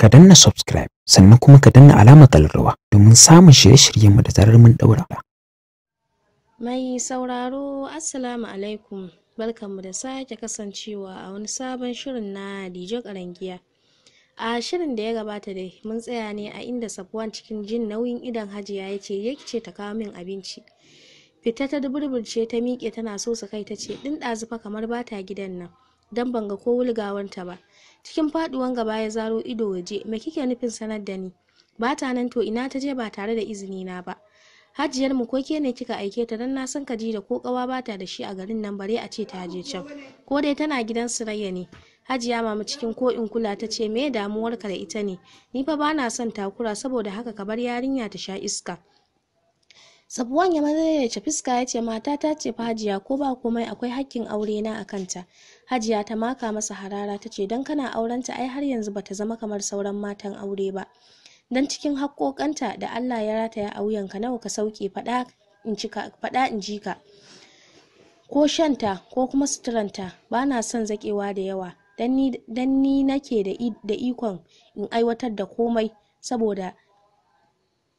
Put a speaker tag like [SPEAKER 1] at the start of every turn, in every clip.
[SPEAKER 1] ka danna subscribe sannan kuma ka danna alamar kallarwa domin samun shirye-shiryenmu da zarar mun daura. Mai sauraro Assalamu alaikum mu da sake kasancewa a wani sabon shirin na Dijo Karangiya. A shirin da ya gabata dai mun tsaya ne a inda Safwan cikin jin nauyin idan Hajiya ya ce ya ce ta kawo min abinci. Fita ta duburburce ta miƙe tana so su kai ta ce ɗin ɗazu fa kamar ba ta gidan nan don ban ga ko wulgawanta ba. cikin faduwan gaba ya zaro ido waje me kike nufin sanar da ni bata nan to ina ta je ba tare da izini na ba hajiyar mu ko ke ne kika aike ta dan na san ka da ko kawa bata da shi a garin nan bare a ce ta je can ko dai tana gidan Surayya ne Hajiya mama cikin ko in kula ta ce me damuwarka da ita ne ni fa bana son takura saboda haka ka bar yarinya ta sha iska Sabuwan ya ce fiska ya ce mata ta ce fajiya, ko ba komai akwai hakkin aure na a kanta Hajiya ta maka masa harara ta ce don kana aurenta ai har yanzu bata zama kamar sauran matan aure ba. Don cikin haƙoƙanta da Allah ya rataya a wuyanka nawa ka sauke faɗa in ji ka. Ko shanta ko kuma suturanta ba na son zaƙewa da yawa don ni nake da ikon in aiwatar da komai saboda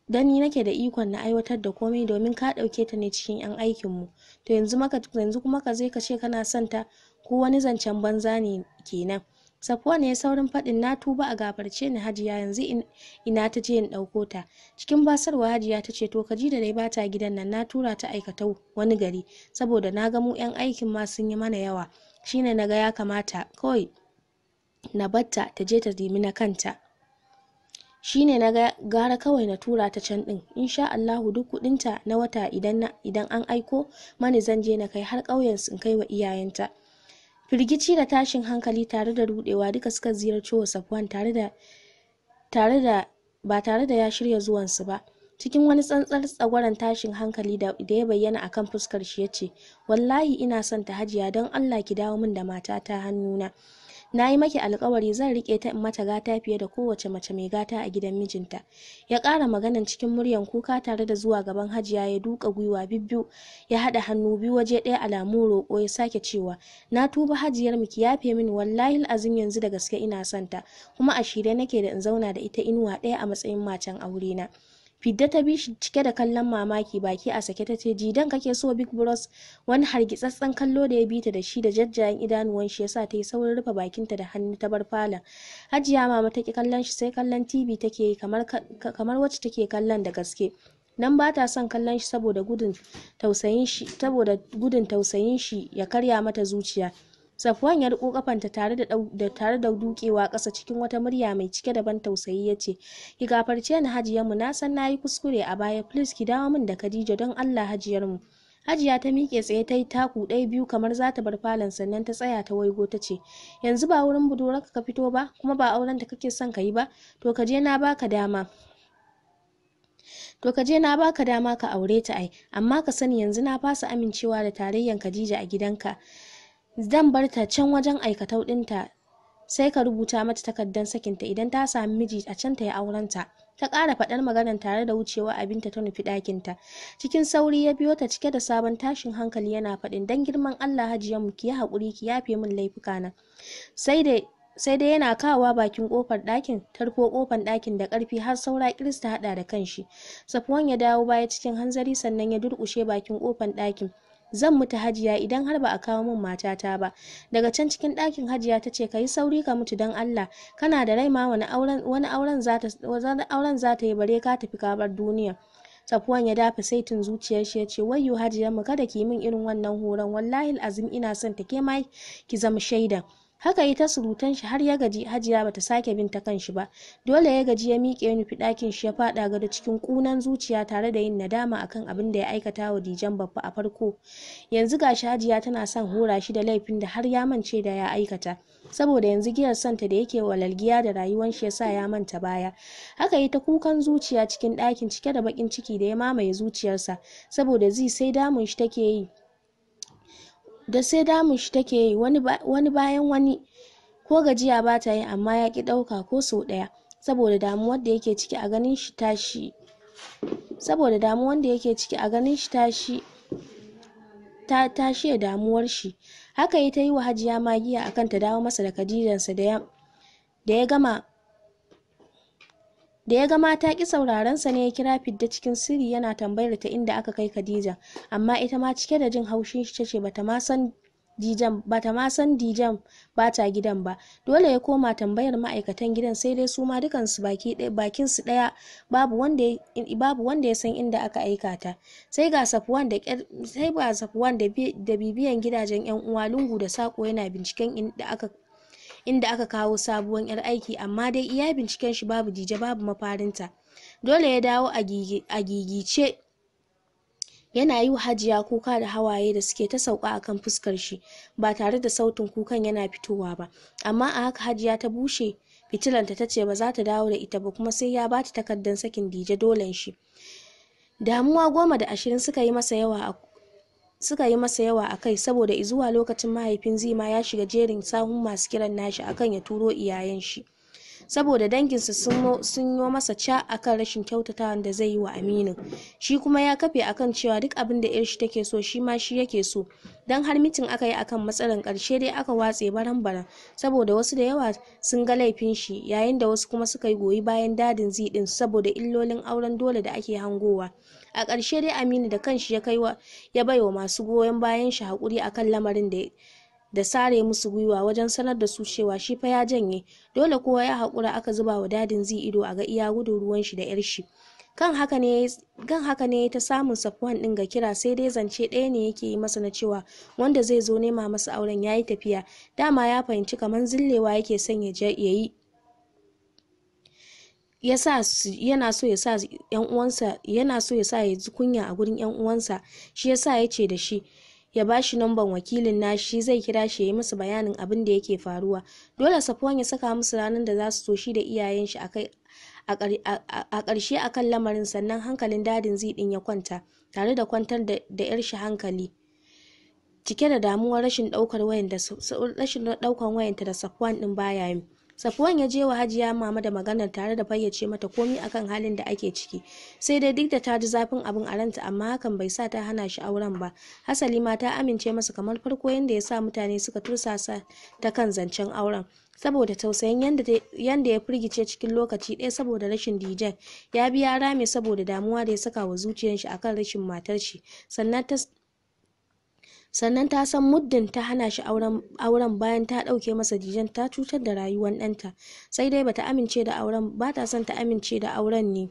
[SPEAKER 1] don ni nake da ikon na aiwatar da komai domin ka ɗauke ta ne cikin 'yan aikinmu to yanzu kuma ka zai ka ce kana son ta ko wani zancen banza ne kenan Safwan ya saurin faɗin na tuba a gafarce ni Hajiya yanzu ina ta je in ɗauko ta. Cikin basarwa Hajiya ta ce to kaji da dai bata gidan nan na tura ta aikata wani gari saboda na ga mu 'yan aikin ma sun yi mana yawa shine na ga ya kamata kawai na batta ta je ta dimi na kanta. shine na gara kawai na tura ta can din insha Allahu duk kudinta na wata idan idan an aiko mani zan je na kai har ƙauyen sun kai wa iyayenta firgici da tashin hankali tare da rudewa duka suka ziyarci wa safwan ba tare da ya shirya zuwansu ba cikin wani tsantsar tsagwaron tashin hankali da ya bayyana akan fuskar shi ya ce wallahi ina son ta hajiya don allah ki dawo min da matata hannuna na yi maki alkawari zan rike ta in mata gata fiye da kowace mace mai gata a gidan mijinta ya ƙara maganan cikin muryan kuka tare da zuwa gaban hajiya ya duka gwiwa bibbiu ya haɗa hannu biyu waje ɗaya alamu roƙo ya sake cewa na tuba hajiyar mu ki yafe mini wallahi azim yanzu da gaske ina son kuma a shirye nake da in zauna da ita inuwa ɗaya a matsayin macen aurena. na Fidda ta bi shi cike da kallon mamaki baki a sake ta ce jidan kake so Big Bros wani hargitsatsen kallo da ya bi ta da shi da jajjayen idanuwan shi yasa ta yi saurin rufe bakin ta da hannu ta bar falon. Hajiya mama ta ki kallon shi sai kallon TV take yi kamar kamar wacce take kallon da gaske. Nan ba ta son kallon shi saboda gudun tausayin shi saboda gudun tausayin shi ya karya mata zuciya. Safwan ya riko kafanta tare da da tare da dukewa ƙasa cikin wata murya mai cike da ban tausayi ya ce, "Ki gafarce ni hajiyar mu na san nayi kuskure a baya, please ki dawo min da Khadija don Allah hajiyar mu." Hajiya ta miƙe tsaye ta yi taku ɗaya biyu kamar za ta bar falon sannan ta tsaya ta waigo ta ce, "Yanzu ba wurin budurarka ka fito ba, kuma ba auren da kake son ka yi ba, to ka je na baka dama." To ka na baka dama ka aure ta ai, amma ka sani yanzu na fasa amincewa da tarayyan Khadija a gidanka. zan bar ta can wajen aikatau ɗinta sai ka rubuta mata takardar sakinta idan ta sami miji a can ta yi auren ta ta ƙara faɗar maganar tare da wucewa abinta ta nufi ɗakinta cikin sauri ya biyo ta cike da sabon tashin hankali yana faɗin dan girman allah hajiyanmu ki yi haƙuri ki yafe min laifuka na sai da sai dai yana kawowa bakin kofar ɗakin tarko kofar ɗakin da ƙarfi har saura kirista haɗa da kanshi safuwan ya dawo baya cikin hanzari sannan ya durƙushe bakin kofar ɗakin zan mutu hajiya idan har ba a kawo min matata ba daga can cikin ɗakin hajiya ta ce ka yi sauri ka mutu don allah kana da rai ma wani auren za ta yi bare ka tafi kabar duniya Safuwan ya dafa saitin zuciyar shi ya ce wayyo hajiyar mu kada ki min irin wannan horon wallahi azim ina son ta ke ma ki zama shaida haka yi ta surutan shi har ya gaji hajiya bata sake bin ta kan shi ba dole ya gaji ya miƙe ya nufi ɗakin shi ya faɗa gado cikin ƙunan zuciya tare da yin nadama akan abin da ya aikata wa dijan babba a farko yanzu gashi hajiya tana son hora shi da laifin da har ya mance da ya aikata saboda yanzu giyar santa da yake walalgiya da rayuwan shi yasa ya manta baya haka yi ta kukan zuciya cikin ɗakin cike da baƙin ciki da ya mamaye zuciyarsa saboda zai sai damun shi take yi da sai damun shi take yi wani bayan wani ko gajiya ba ta yi amma ya ki ɗauka ko sau ɗaya saboda damuwar da yake ciki a ganin shi tashi saboda damuwar da yake ciki a ganin shi tashi ta tashi ya damuwar shi haka yi ta yi wa hajiya magiya akan ta dawo masa da kadijansa da ya gama da ya ga mata ki sauraron sa ne ya kira fidda cikin sirri yana tambayar ta inda aka kai Khadija amma ita ma cike da jin haushin shi tace bata ma san Dijan bata ma san Dijan bata gidan ba dole ya koma tambayar ma'aikatan gidan sai dai su ma dukan su baki ɗaya bakin su ɗaya babu wanda babu wanda ya san inda aka aika ta sai ga Safwan da sai ba Safwan da bibiyan gidajen yan uwa lungu da sako yana binciken inda aka inda aka kawo sabuwar 'yar aiki amma dai iya binciken shi babu dije babu mafarinta dole ya dawo a gigice yana yi hajiya kuka da hawaye da suke ta sauka a kan fuskar shi ba tare da sautin kukan yana fitowa ba amma a haka hajiya ta bushe fitilanta ta ce ba za ta dawo da ita ba kuma sai ya bata takardar sakin dije dolen shi damuwa goma da ashirin suka yi masa yawa suka yi masa yawa a kai saboda izuwa lokacin mahaifin zima ya shiga jerin sahun masu kiran nashi akan ya turo iyayen shi. saboda danginsa sun yo masa ca akan rashin kyautatawan da zai yi wa aminu shi kuma ya kafe akan cewa duk abin da irshi take so shi ma shi yake so don har mitin aka yi akan matsalar karshe dai aka watse baran baran saboda wasu da yawa sun ga laifin shi yayin da wasu kuma suka yi goyi bayan dadin zidin saboda illolin auren dole da ake hangowa a ƙarshe dai aminu da kanshi ya kai wa ya baiwa masu goyon bayan shi haƙuri akan lamarin da da sare musu gwiwa wajen sanar da su cewa shi fa ya janye dole kowa ya haƙura aka zuba wa dadin zai ido a ga iya gudun ruwan shi da yar shi kan haka ne ya ta samun safwan ɗin ga kira sai dai zance ɗaya ne yake yi masa na cewa wanda zai zo nema masa auren ya yi tafiya dama ya fahimci kamar zillewa yake son ya yi yana so ya sa yana so ya sa ya ji kunya a gurin yan uwansa shi yasa ya ce da shi ya ba shi numban wakilin nashi zai kira shi ya yi musu bayanin abin da yake faruwa dole Safwan ya saka musu ranar da za su so shi da iyayen shi akai a ƙarshe akan lamarin sannan hankalin dadin zidin ya kwanta tare da kwantar da yar shi hankali cike da damuwar rashin daukar wayan da rashin wayanta da safon din baya yi Safuwan ya je wa Hajiya Mama da maganar tare da fayyace mata komi akan halin da ake ciki. Sai dai duk da ta ji zafin abin a ranta amma hakan bai sa ta hana shi auren ba. Hasali ma ta amince masa kamar farko yadda ya sa mutane suka tursasa ta kan zancen auren. saboda tausayin yadda ya firgice cikin lokaci ɗaya saboda rashin dijen ya biya rame saboda damuwa da ya saka wa zuciyar shi akan rashin matar shi sannan sannan ta san muddin ta hana shi auren bayan ta ɗauke masa jijen ta cutar da rayuwar ɗanta sai dai bata amince da auren ba ta son ta amince da auren ne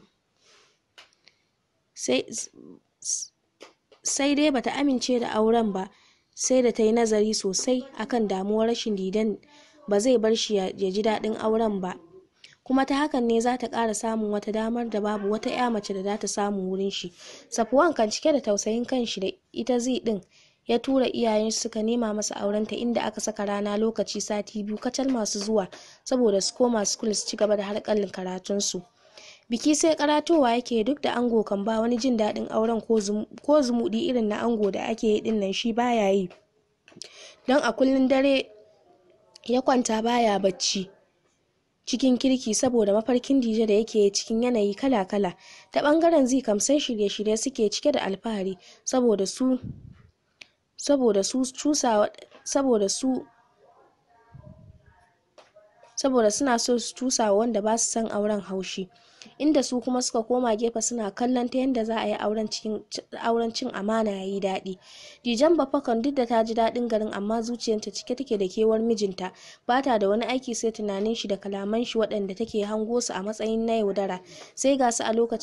[SPEAKER 1] sai dai bata amince da auren ba sai da ta yi nazari sosai akan damuwar rashin didan ba zai bar shi ya ji daɗin auren ba kuma ta hakan ne za ta ƙara samun wata damar da babu wata 'ya mace da za ta samu wurin shi safuwan kan cike da tausayin kanshi da ita zai ɗin ya tura iyayen su suka nema masa aurenta inda aka saka rana lokaci sati biyu kacal masu zuwa saboda su koma school su ci gaba da harkalin karatunsu biki sai karatowa yake duk da ango kan ba wani jin daɗin auren ko zumuɗi irin na ango da ake yi nan shi baya yi don a kullun dare ya kwanta baya bacci cikin kirki saboda mafarkin dije da yake cikin yanayi kala-kala ta bangaren zikam sai shirye-shirye suke cike da alfahari saboda su saboda suna so su cusa wanda ba su san auren haushi inda su kuma suka koma gefe suna kallon ta yadda za a yi auren cin amana ya yi daɗi dijan bafakan duk da ta ji daɗin garin amma zuciyarta cike take da kewar mijinta ba ta da wani aiki sai tunanin shi da kalaman shi waɗanda take hango su a matsayin na yaudara sai ga su a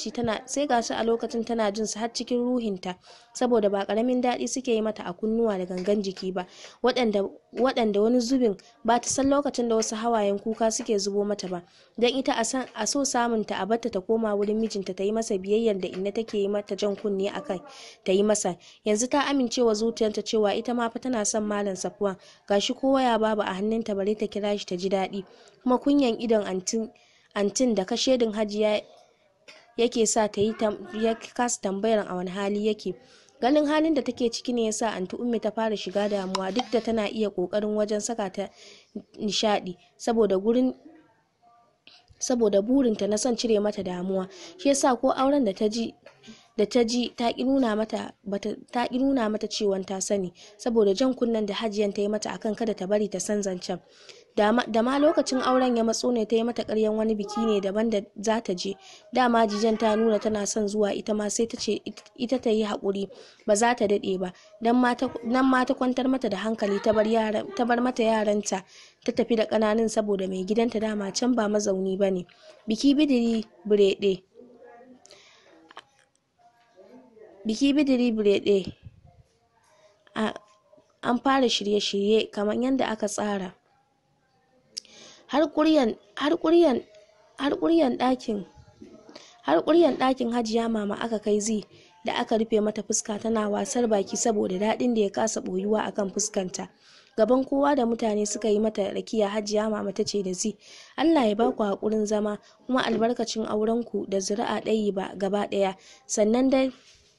[SPEAKER 1] sai ga su a lokacin tana jin su har cikin ruhinta saboda ba ƙaramin daɗi suke yi mata a kunnuwa da gangan jiki ba waɗanda waɗanda wani zubin ba ta san lokacin da wasu hawayen kuka suke zubo mata ba don ita a so samunta a batta ta koma wurin mijinta ta yi masa biyayyar da inna take yi mata jan kunne kai ta yi masa yanzu ta amincewa zuciyarta cewa ita ma fa tana son malam safwan gashi kowa ya babu a hannunta bare ta kira shi ta ji daɗi kuma kunyan idon antin antin da kashedin hajiya yake sa ta yi ya kasa tambayar a wani hali yake ganin halin da take ciki ne yasa anti ummi ta fara shiga damuwa duk da tana iya kokarin wajen saka ta nishadi saboda gurin saboda burinta na son cire mata damuwa shi yasa ko auren da ta ji da ta ji ki nuna mata ta ki nuna mata ciwon ta sani saboda jan kunnen da hajiyan ta yi mata akan kada ta bari ta san zancen da ma lokacin auren ya matso ne ta yi mata karyan wani biki ne daban da za ta je dama jijan ta nuna tana son zuwa ita ma sai ta ce ita ta yi haƙuri ba za ta daɗe ba nan ma ta kwantar mata da hankali ta bar mata yaranta ta tafi da ƙananun saboda mai gidanta dama can ba mazauni ba ne biki bidiri an fara shirye-shirye kamar yadda aka tsara har ƙuryan ɗakin har hajiya mama aka kai zi da aka rufe mata fuska tana wasar baki saboda daɗin da ya kasa ɓoyuwa akan fuskanta gaban kowa da mutane suka yi mata rakiya hajiya mama ta ce da zi allah ya baku haƙurin zama kuma albarkacin aurenku da zuri'a ɗayi ba gaba ɗaya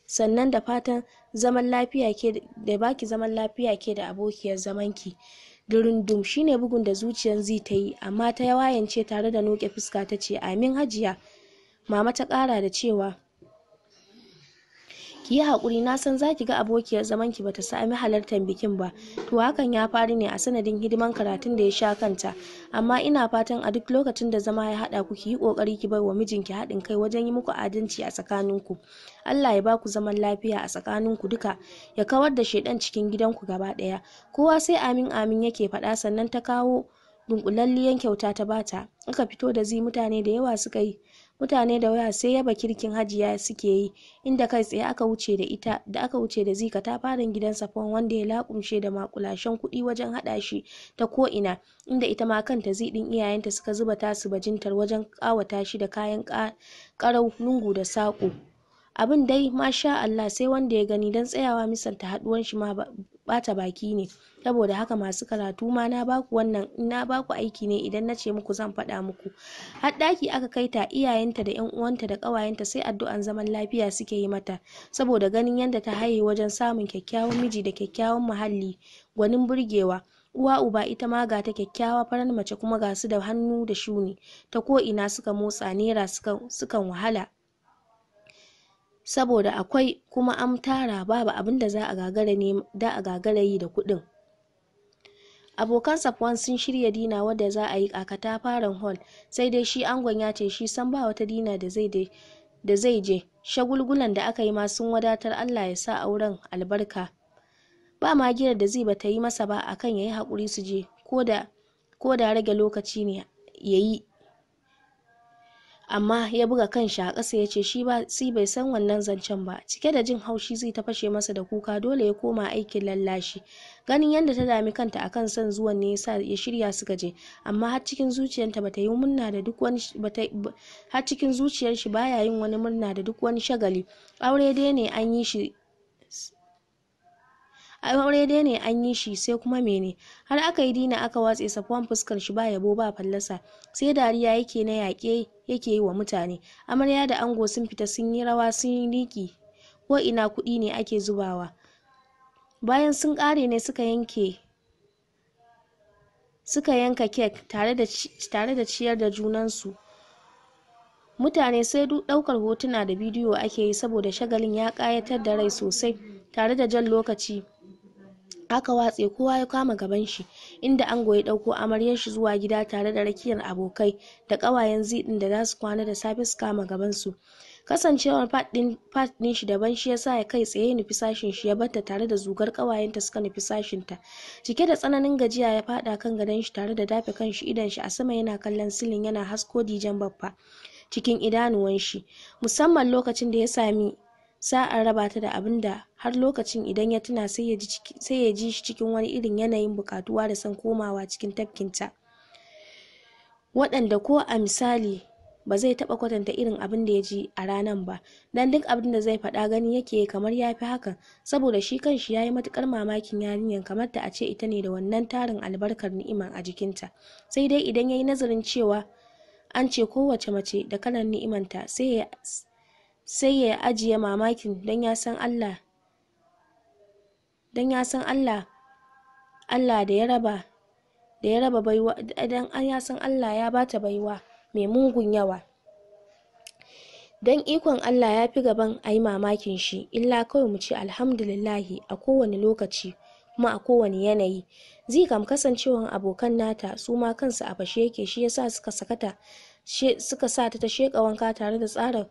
[SPEAKER 1] sannan da fatan da baki zaman lafiya ke da abokiyar zamanki shi shine bugun da zuciyar zai ta yi, amma ta yawayance tare da noke fuska ta ce, "Amin Hajiya," Mama ta kara da cewa. ki yi haƙuri na san za ki ga abokiyar zaman ki bata sami halartar bikin ba to hakan ya faru ne a sanadin hidiman karatun da ya sha kanta amma ina fatan a duk lokacin da zama ya haɗa ku ki yi ƙoƙari ki bai wa mijinki haɗin kai wajen yi muku adalci a tsakaninku Allah ya baku zaman lafiya a tsakaninku duka ya kawar da shaidan cikin gidanku gaba ɗaya kowa sai amin amin yake faɗa sannan ta kawo dunkulalliyan kyauta ta bata aka fito da zi mutane da yawa suka yi mutane da waya sai yaba kirkin hajiya suke yi inda kai tsaye aka wuce da ita da aka wuce da zika ta farin gidan safon wanda ya lakumshe da makulashen kuɗi wajen haɗa shi ta ko ina inda ita ma kanta zidin iyayenta suka zuba tasu bajintar wajen ƙawata shi da kayan ƙarau lungu da saƙo abin dai masha Allah sai wanda ya gani don tsayawa misalta haduwan shi ma bata baki ne saboda haka masu karatu ma na baku wannan na baku aiki ne idan na ce muku zan faɗa muku har ɗaki aka kai ta iyayenta da yan uwanta da ƙawayenta sai addu'an zaman lafiya suke yi mata saboda ganin yadda ta haye wajen samun kyakkyawan miji da kyakkyawan muhalli gwanin burgewa uwa uba ita ma ga ta kyakkyawa farar mace kuma ga su da hannu da shuni ta ko ina suka motsa nera sukan wahala saboda akwai kuma an tara babu abin da za a gagara yi da kuɗin abokan safwan sun shirya dina wadda za a yi kakata katafaren hall sai dai shi angon ya ce shi san ba wata dina da zai je shagulgulan da aka yi ma sun wadatar allah ya sa auren albarka ba ma girar da zai bata yi masa ba akan ya yi haƙuri su je ko da rage lokaci ne ya yi amma ya buga kanshi a ƙasa ya ce shi ba si bai san wannan zancen ba cike da jin haushi zai ta fashe masa da kuka dole ya koma aikin lallashi ganin yadda ta dami kanta akan son zuwan ne yasa ya shirya su gaje amma har cikin zuciyarta bata yi murna da duk wani har cikin zuciyar shi baya yin wani murna da duk wani shagali aure dai ne an yi shi aure dai ne an yi shi sai kuma mene har aka yi dina aka watse safuwan fuskar shi ba yabo ba fallasa sai dariya yake na yaƙe yake yi wa mutane amarya da ango sun fita sun yi rawa sun yi liƙi ko ina kuɗi ne ake zubawa bayan sun ƙare ne suka yanke suka yanka kek tare da ciyar da junansu mutane sai ɗaukar hotuna da bidiyo ake yi saboda shagalin ya ƙayatar da rai sosai tare da jan lokaci aka watse kowa ya kama gaban shi inda ango ya ɗauko amaryar shi zuwa gida tare da rakiyar abokai da ƙawayen zidin da zasu kwana da safe su kama gaban su kasancewar fat din shi daban shi yasa ya kai tsaye nufi sashin shi ya batta tare da zugar ƙawayenta suka nufi sashin ta cike da tsananin gajiya ya fada kan gadon shi tare da dafe kan shi idan shi a sama yana kallon silin yana hasko dijan babba cikin idanuwan shi musamman lokacin da ya sami za a raba ta da abin da har lokacin idan ya tuna sai ya ji shi cikin wani irin yanayin bukatuwa da son komawa cikin tafkinta waɗanda ko a misali ba zai taɓa kwatanta irin abin da ya ji a ranan ba dan duk abin da zai faɗa gani yake kamar ya fi hakan saboda shi kan shi ya yi matuƙar mamakin yarinyar kamar ta a ce ita ne da wannan tarin albarkar ni'iman a jikinta sai dai idan ya yi nazarin cewa an ce kowace mace da kalan ni'imanta sai sai ya ajiye mamakin don ya san Allah don Allah da ya raba da baiwa don an ya san Allah ya bata baiwa mai mugun yawa don ikon Allah ya fi gaban a yi mamakin shi illa kawai mu ce alhamdulillahi a kowane lokaci kuma a kowane yanayi zai kam kasancewan abokan nata su ma kansu a fashe yake shi yasa suka sakata suka sa ta ta sheka wanka tare da tsara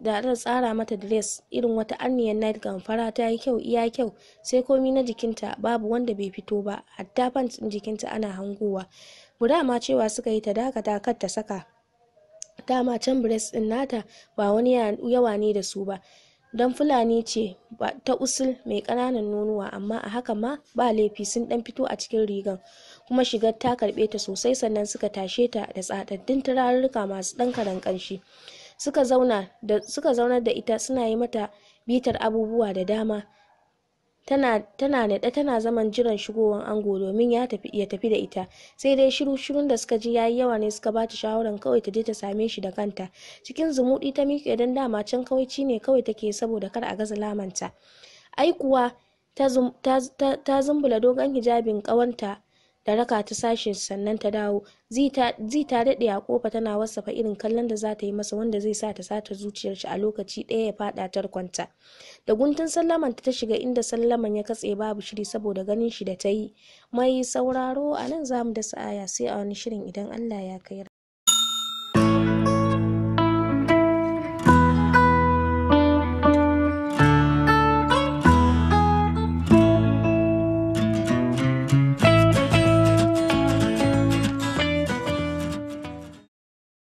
[SPEAKER 1] da tsara mata dress irin wata anniyar gown fara ta yi kyau iya kyau sai komi na jikinta babu wanda bai fito ba hatta pants din jikinta ana hangowa ma cewa suka yi ta dakata kar ta saka dama can breast ɗin nata ba wani yawa ne da su ba dan fulani ce ta usul mai kananan nonuwa amma a haka ma ba laifi sun ɗan fito a cikin rigan kuma shigar ta karbe ta sosai sannan suka tashe ta da tsadaddun turarurruka masu ɗan karan kanshi suka zaunar da ita suna yi mata bitar abubuwa da dama tana tana tana zaman jiran shigowar ango domin ya tafi ya tafi da ita sai dai shiru shirun da suka ji yayi yawa ne suka bata shawaran kawai ta je ta same shi da kanta cikin zumudi ta miƙe don dama can kawaici ne kawai take saboda kar a gaza lamanta ai kuwa ta zumbula dogon hijabin ƙawanta da raka ta sashe sannan ta dawo zai ta daɗe a kofa tana wasafa irin kallon da za ta yi masa wanda zai sa ta sata zuciyar shi a lokaci ɗaya ya faɗa tarkonta da guntun sallaman ta shiga inda sallaman ya katse babu shiri saboda ganin shi da ta yi mai sauraro a nan za mu dasa aya sai a wani shirin idan allah ya kai